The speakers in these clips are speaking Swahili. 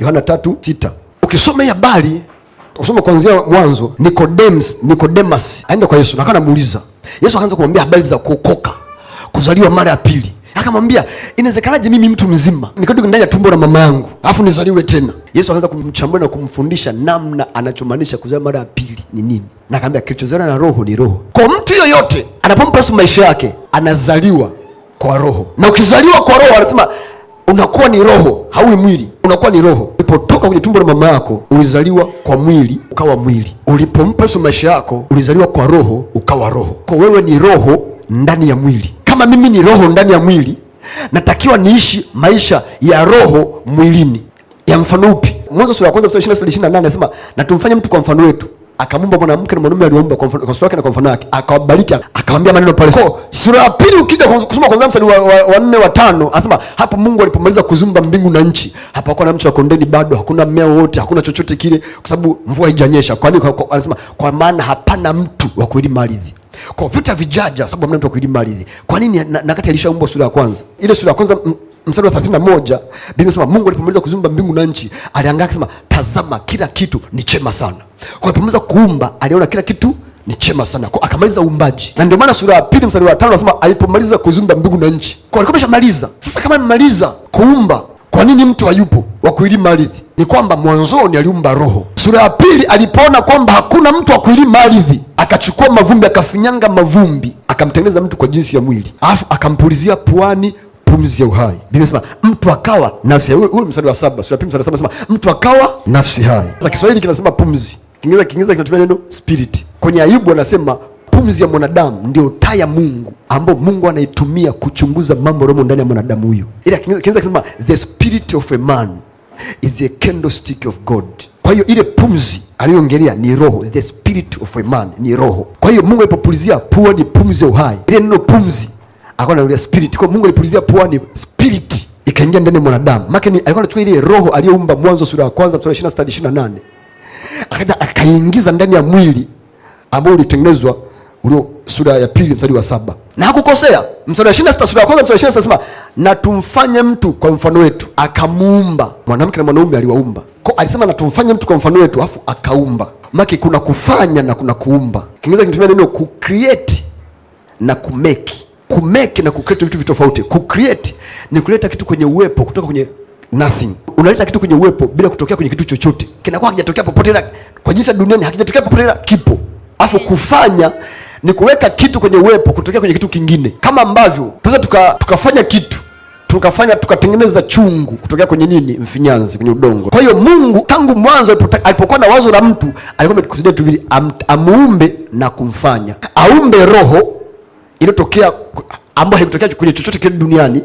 Yohana sita. Ukisoma hii habari ukisoma kuanzia mwanzo, Nikodemus, Nikodemus aenda kwa Yesu na anamuuliza Yesu, akaanza kumwambia habari za kuokoka, kuzaliwa mara ya pili. Akamwambia, inawezekanaje mimi mtu mzima nikatoka ndani ya tumbo la mama yangu alafu nizaliwe tena? Yesu akaanza kumchambua na kumfundisha namna anachomaanisha kuzaliwa mara ya pili ni nini, na kilichozaliwa na roho ni roho. Kwa mtu yoyote anapompa maisha yake anazaliwa kwa roho, na ukizaliwa kwa roho anasema unakuwa ni roho, haui mwili unakuwa ni roho. Ulipotoka kwenye tumbo la mama yako ulizaliwa kwa mwili ukawa mwili. Ulipompa Yesu maisha yako ulizaliwa kwa roho ukawa roho. Kwa wewe ni roho ndani ya mwili. Kama mimi ni roho ndani ya mwili, natakiwa niishi maisha ya roho mwilini. Ya mfano upi? Mwanzo sura ya kwanza mstari 28 anasema na tumfanye mtu kwa mfano wetu akamumba mwanamke na mwanaume aliomba kwa sura yake na kwa mfano wake, akawabariki akamwambia maneno pale. Kwa sura ya pili ukija kusoma kwanza mstari wa 4 wa 5, anasema hapo Mungu alipomaliza kuzumba mbingu na nchi, hapakuwa na mti wa kondeni bado, hakuna mmea wote, hakuna chochote kile, kwa sababu mvua haijanyesha. Kwani Anasema kwa maana hapana mtu wa kuilima ardhi. Kwa vita vijaja, sababu hamna mtu wa kuilima ardhi. Kwa nini? na, na kati alishaumba sura ya kwanza, ile sura ya kwanza mstari wa 31 Biblia inasema Mungu alipomaliza kuziumba mbingu na nchi, aliangalia akasema, tazama kila kitu ni chema sana. Kwa alipomaliza kuumba, aliona kila kitu ni chema sana, kwa akamaliza uumbaji. Na ndio maana sura ya pili mstari wa 5 anasema alipomaliza kuziumba mbingu na nchi. Kwa alikuwa ameshamaliza. Sasa kama amemaliza kuumba, kwa nini mtu hayupo wa kuilima ardhi? Ni kwamba mwanzoni aliumba roho. Sura ya pili alipoona kwamba hakuna mtu wa kuilima ardhi, akachukua mavumbi, akafinyanga mavumbi, akamtengeneza mtu kwa jinsi ya mwili, alafu akampulizia puani pumzi ya uhai. Biblia inasema mtu akawa nafsi hai. Huyu mstari wa saba sura ya pili mstari wa saba nasema mtu akawa nafsi hai. Sasa Kiswahili kinasema pumzi, Kiingereza Kiingereza kinatumia neno spirit. Kwenye Ayubu anasema pumzi ya mwanadamu ndio taa ya Mungu ambayo Mungu anaitumia kuchunguza mambo yaliyomo ndani ya mwanadamu huyu, ila Kiingereza kinasema the spirit of a man is a candlestick of God. Kwa hiyo ile pumzi aliyoongelea ni roho, the spirit of a man ni roho. Kwa hiyo Mungu alipopulizia pua ni pumzi ya uhai, ile neno pumzi alikuwa analia spirit. Kwa Mungu alipulizia puani spirit ikaingia ndani ya mwanadamu. Maana alikuwa anachukua ile roho aliyoumba Mwanzo sura ya kwanza mstari 26 hadi 28. Akaja akaingiza ndani ya mwili ambao ulitengenezwa ulio sura ya pili mstari wa saba. Na hakukosea. Mstari wa 26 sura ya kwanza mstari wa 26 nasema, na tumfanye mtu kwa mfano wetu, akamuumba. Mwanamke na mwanaume aliwaumba. Kwa alisema na tumfanye mtu kwa mfano wetu, afu akaumba. Maki kuna kufanya na kuna kuumba. Kiingereza kinatumia neno ku create na ku make kumake na kucreate vitu vitofauti. Kucreate ni kuleta kitu kwenye uwepo kutoka kwenye nothing. Unaleta kitu kwenye uwepo bila kutokea kwenye kitu chochote, kinakuwa hakijatokea popote, ila kwa jinsi ya duniani hakijatokea popote, ila kipo. Alafu kufanya ni kuweka kitu kwenye uwepo kutokea kwenye kitu kingine, kama ambavyo tunaweza tuka, tukafanya kitu tukafanya tukatengeneza chungu kutokea kwenye nini? Mfinyanzi kwenye udongo. Kwa hiyo Mungu tangu mwanzo alipokuwa na wazo la mtu alikuwa amekusudia tu vile amuumbe na kumfanya aumbe roho iliyotokea ambayo haikutokea kwenye chochote kile duniani,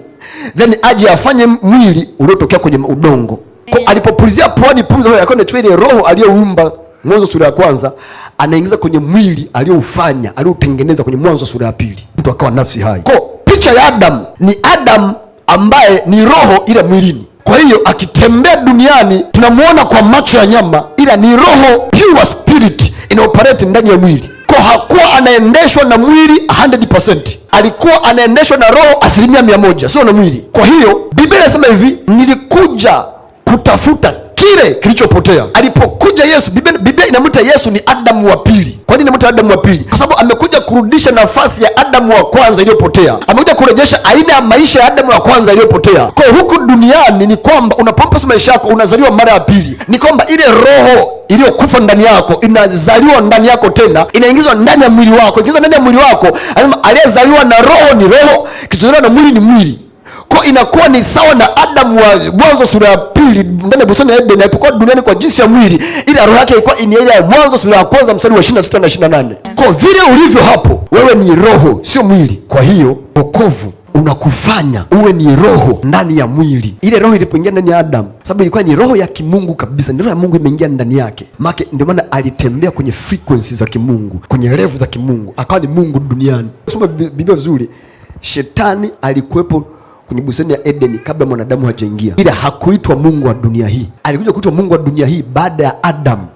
then aje afanye mwili uliotokea kwenye udongo. Kwa alipopulizia puani pumzi ambayo kwenye chwe roho aliyoumba Mwanzo sura ya kwanza anaingiza kwenye mwili aliyoufanya aliyotengeneza kwenye Mwanzo sura ya pili, mtu akawa nafsi hai. Kwa picha ya Adamu ni Adamu ambaye ni roho ile mwilini. Kwa hiyo akitembea duniani tunamwona kwa macho ya nyama, ila ni roho, pure spirit inaoperate ndani ya mwili. Kristo hakuwa anaendeshwa na mwili 100%, alikuwa anaendeshwa na roho asilimia mia moja, sio na mwili. Kwa hiyo Biblia inasema hivi, nilikuja kutafuta kile kilichopotea. Alipokuja Yesu, Biblia inamwita Yesu ni Adamu wa pili. Kwa nini inamwita Adamu wa pili? Kwa sababu amekuja kurudisha nafasi ya Adamu wa kwanza iliyopotea. Amekuja kurejesha aina ya maisha ya Adamu wa kwanza iliyopotea. Kwa hiyo huku duniani ni kwamba unaposoma maisha yako unazaliwa mara ya pili, ni kwamba ile roho iliyokufa ndani yako inazaliwa ndani yako tena inaingizwa ndani ya mwili wako, ingizwa ndani ya mwili wako, anasema aliyezaliwa na roho ni roho, kichozaliwa na mwili ni mwili. Kwa inakuwa ni sawa na Adamu wa Mwanzo sura ya pili ndani ya bustani ya Edeni alipokuwa duniani kwa jinsi ya mwili, ila roho yake ilikuwa ni ile ya Mwanzo sura ya kwanza mstari wa 26 na 28. Kwa vile ulivyo hapo, wewe ni roho, sio mwili. Kwa hiyo wokovu unakufanya uwe ni roho ndani ya mwili. Ile roho ilipoingia ndani ya Adamu, sababu ilikuwa ni roho ya kimungu kabisa, ni roho ya Mungu imeingia ndani yake make, ndio maana alitembea kwenye frequency za kimungu, kwenye refu za kimungu, akawa ni Mungu duniani. Soma Biblia vizuri, shetani alikuwepo kwenye bustani ya Edeni kabla mwanadamu hajaingia, ila hakuitwa mungu wa dunia hii. Alikuja kuitwa mungu wa dunia hii baada ya Adamu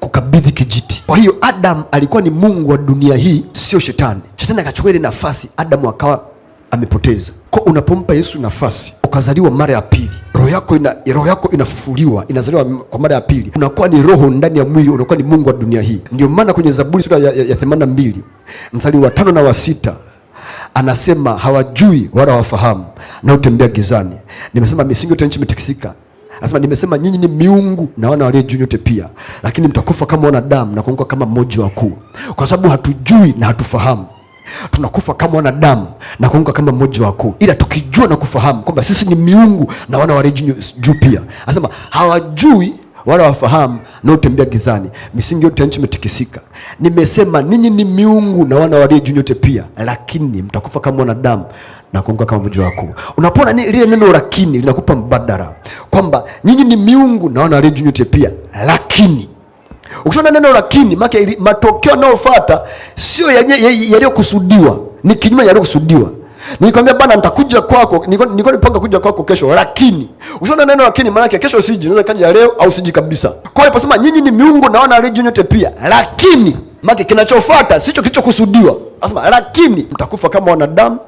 kukabidhi kijiti. Kwa hiyo Adamu alikuwa ni mungu wa dunia hii, sio shetani. Shetani akachukua ile nafasi, Adamu akawa amepoteza. Kwa unapompa Yesu nafasi ukazaliwa mara ya pili, roho yako ina, roho yako inafufuliwa inazaliwa kwa mara ya pili, unakuwa ni roho ndani ya mwili, unakuwa ni Mungu wa dunia hii. Ndio maana kwenye Zaburi sura ya, ya, ya themanini na mbili mstari wa tano na wa sita anasema hawajui wala hawafahamu na utembea gizani, nimesema misingi yote nchi imetikisika. Anasema nimesema nyinyi ni miungu na wana walio juu nyote pia, lakini mtakufa kama wanadamu na kuanguka kama mmoja wakuu, kwa sababu hatujui na hatufahamu tunakufa kama wanadamu na kuanguka kama mmoja wakuu, ila tukijua na kufahamu kwamba sisi ni miungu na wana wa juu pia. Anasema hawajui wala wafahamu na utembea gizani, misingi yote ya nchi imetikisika. Nimesema ninyi ni miungu na wana walio juu yote pia, lakini mtakufa kama wanadamu na kuanguka kama mmoja wakuu. Unapona lile neno lakini linakupa mbadala kwamba ninyi ni miungu na wana walio juu yote pia, lakini Ukishona neno lakini, maana matokeo yanayofuata sio yaliyokusudiwa, ni kinyume yaliyokusudiwa. Nikwambia bana, nitakuja kwako, nilikuwa nipanga kuja kwako kesho, lakini ukishona neno lakini, maana kesho siji, naweza kaja leo au siji kabisa. Kwa hiyo aliposema nyinyi ni miungu na wana legion nyote pia, lakini maana kinachofuata sicho kilichokusudiwa. Anasema lakini mtakufa kama wanadamu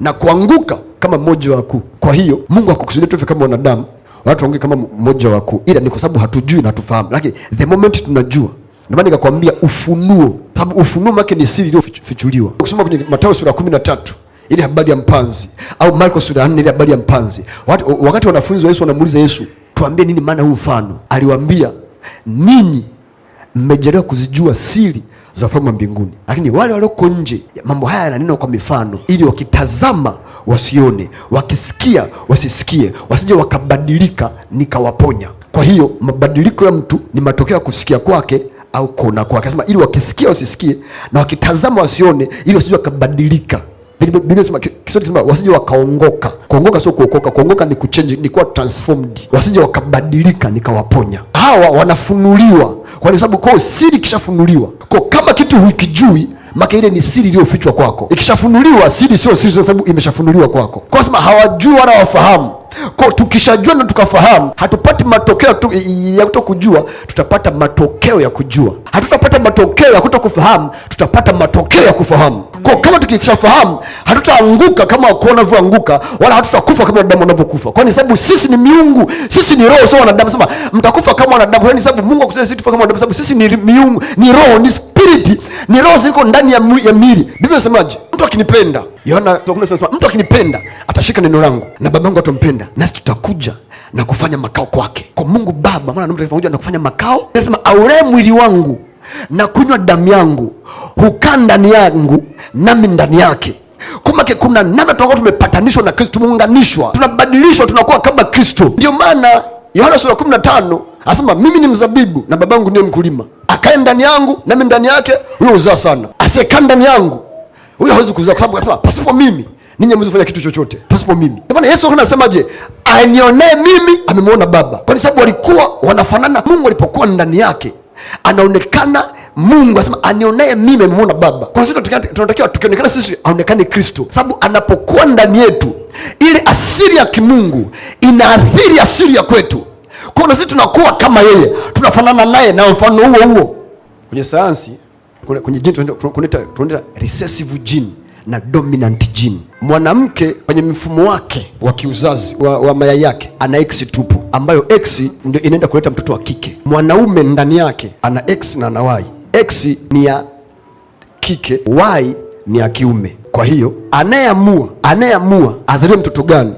na kuanguka kama mmoja wa wakuu. Kwa hiyo Mungu hakukusudia tufe kama wanadamu, watu wangi kama mmoja wakuu, ila ni kwa sababu hatujui na hatufahamu, lakini the moment tunajua ndio maana nikakwambia ufunuo, sababu ufunuo make ni siri iliyofichuliwa. Ukisoma kwenye Mathayo sura kumi na tatu ile habari ya mpanzi, au Marko sura 4 ile habari ya mpanzi, wakati wanafunzi wa Yesu wanamuuliza Yesu, tuambie nini maana huu mfano, aliwaambia ninyi mmejaliwa kuzijua siri za ufalme wa mbinguni, lakini wale walioko nje, mambo haya yananena kwa mifano, ili wakitazama wasione, wakisikia wasisikie, wasije wakabadilika nikawaponya. Kwa hiyo mabadiliko ya mtu ni matokeo ya kusikia kwake au kuona kwake. Anasema ili wakisikia wasisikie na wakitazama wasione, ili wasije wakabadilika Biblia sema Kiswahili sema wasije wakaongoka. Kuongoka sio kuokoka, kuongoka ni kuchange, ni kuwa transformed. Wasije wakabadilika nikawaponya. Hawa wanafunuliwa kwa sababu kwa siri kishafunuliwa. Kwa kama kitu hukijui maka ile ni siri iliyofichwa kwako, ikishafunuliwa siri sio siri, kwa sababu imeshafunuliwa kwako. Kwa sema hawajui wala wafahamu. Kwa tukishajua na tukafahamu, hatupati matokeo tu ya kutokujua, tutapata matokeo ya kujua. Hatutapata matokeo ya kutokufahamu, tutapata matokeo ya kufahamu. Kwa kama tukishafahamu, hatutaanguka kama wako wanavyoanguka, wala hatutakufa kama wanadamu wanavyokufa, kwani sababu sisi ni miungu, sisi ni roho, sio wanadamu. Sema mtakufa kama wanadamu, yani sababu Mungu akutoe sisi tufa kama wanadamu, sababu sisi ni miungu, ni roho, ni spirit, ni roho ziko ndani ya ya miili. Biblia inasemaje? Mtu akinipenda, Yohana anasema mtu akinipenda atashika neno langu na baba yangu atampenda, nasi tutakuja na kufanya makao kwake, kwa Mungu Baba, maana na kufanya makao, anasema aure mwili wangu na kunywa damu yangu hukaa ndani yangu nami ndani yake. Kumake kuna namna tunakuwa tumepatanishwa na Kristo, tumeunganishwa, tunabadilishwa, tunakuwa kama Kristo. Ndio maana Yohana sura tano asema mimi ni mzabibu na babangu ndiye mkulima, akae ndani yangu nami ndani yake, huyo uzaa sana. Asiyekaa ndani yangu huyo hawezi kuzaa, kwa sababu akasema pasipo mimi ninyi hamwezi kufanya kitu chochote, pasipo mimi. Ndio maana Yesu anasemaje? Anionee mimi amemwona Baba, kwa sababu walikuwa wanafanana. Mungu alipokuwa ndani yake anaonekana Mungu asema anionaye mimi amemwona Baba. Kuna sisi tunatakiwa tukionekana sisi aonekane Kristo, sababu anapokuwa ndani yetu ile asili ya kimungu inaathiri asili ya kwetu, kwa na sisi tunakuwa kama yeye, tunafanana naye na mfano huo huo. Kwenye sayansi kwenye jini tunaita recessive gene na dominant gene. Mwanamke kwenye mfumo wake wa kiuzazi wa, wa mayai yake ana X tupu, ambayo X ndio inaenda kuleta mtoto wa kike. Mwanaume ndani yake ana X na ana Y. X ni ya kike, Y ni ya kiume. Kwa hiyo anayeamua anayeamua azalie mtoto gani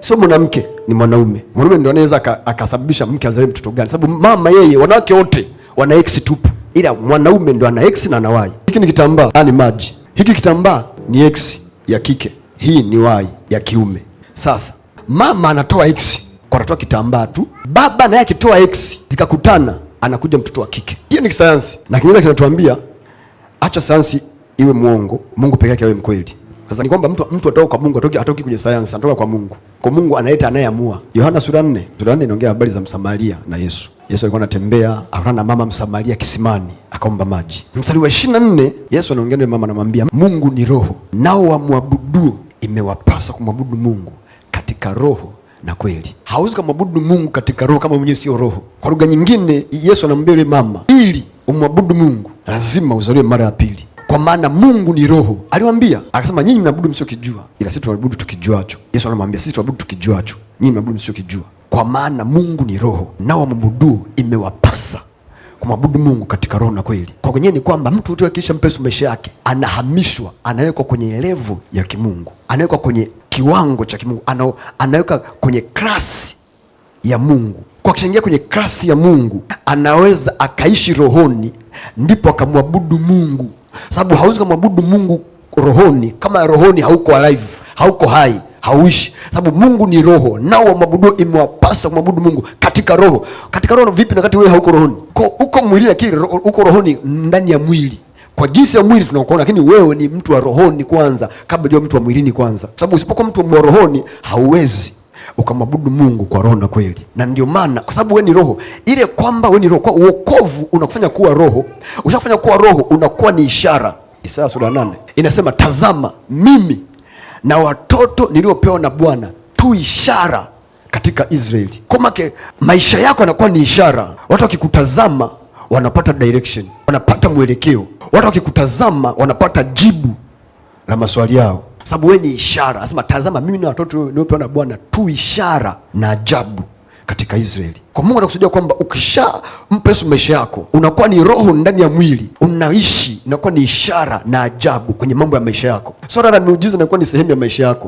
sio mwanamke, ni mwanaume. Mwanaume ndio anaweza akasababisha mke azalie mtoto gani, sababu mama yeye, wanawake wote wana X tupu, ila mwanaume ndio ana X na ana Y. Hiki ni kitambaa, ni yaani maji. Hiki kitambaa ni x ya kike, hii ni y ya kiume. Sasa mama anatoa x kwa anatoa kitambaa tu, baba naye akitoa x zikakutana, anakuja mtoto wa kike. Hiyo ni kisayansi, na Kiingereza kinatuambia acha sayansi iwe mwongo, Mungu peke yake awe mkweli. Sasa ni kwamba mtu mtu atoka kwa Mungu, atoki atoki kwenye science, anatoka kwa Mungu. Kwa Mungu analeta anayeamua. Yohana sura 4, sura 4 inaongea habari za Msamaria na Yesu. Yesu alikuwa anatembea, akakutana na mama Msamaria kisimani, akaomba maji. Mstari wa 24, Yesu anaongea na mama anamwambia, Mungu ni roho, nao wamwabudu, imewapasa kumwabudu Mungu katika roho na kweli. Hauwezi kumwabudu Mungu katika roho kama mwenyewe sio roho. Kwa lugha nyingine, Yesu anamwambia yule mama, ili umwabudu Mungu lazima uzaliwe mara ya pili kwa maana Mungu ni roho. Aliwaambia akasema, nyinyi mnaabudu msiokijua ila sisi tunabudu tukijuacho. Yesu anamwambia sisi tunabudu tukijuacho, nyinyi mnaabudu msichokijua, kwa maana Mungu ni roho, nao wamwabudu imewapasa kumwabudu Mungu katika roho na kweli. Kwa kwenye ni kwamba mtu tu akiisha mpesu maisha yake anahamishwa, anawekwa kwenye levu ya kimungu, anawekwa kwenye kiwango cha kimungu, anaweka kwenye klasi ya Mungu. Kwa kishaingia kwenye klasi ya Mungu anaweza akaishi rohoni, ndipo akamwabudu Mungu sababu hauwezi kumwabudu Mungu rohoni kama rohoni hauko alive, hauko hai, hauishi, sababu Mungu ni roho, nao wamwabudu, imewapasa kumwabudu Mungu katika roho. Katika roho vipi, na kati wewe hauko rohoni? Uko mwili, lakini uko rohoni ndani ya mwili kwa jinsi ya mwili tunakuona, lakini wewe ni mtu wa rohoni kwanza, kabla ya mtu wa mwilini kwanza, sababu usipokuwa mtu wa rohoni hauwezi ukamwabudu Mungu kwa roho na kweli. Na ndio maana kwa sababu wewe ni roho, ile kwamba wewe ni roho, kwa uokovu unakufanya kuwa roho, ushafanya kuwa roho, unakuwa ni ishara. Isaya sura nane inasema tazama, mimi na watoto niliopewa na Bwana tu ishara katika Israeli. Kwa maisha yako yanakuwa ni ishara, watu wakikutazama wanapata direction, wanapata mwelekeo, watu wakikutazama wanapata jibu la maswali yao sababu wewe ni ishara. Anasema tazama, mimi na watoto niliopewa na Bwana tu ishara na ajabu katika Israeli. Kwa Mungu anakusudia kwamba ukishampa Yesu maisha yako, unakuwa ni roho ndani ya mwili, unaishi, unakuwa ni ishara na ajabu kwenye mambo ya maisha yako. Swala la miujiza inakuwa ni sehemu ya maisha yako.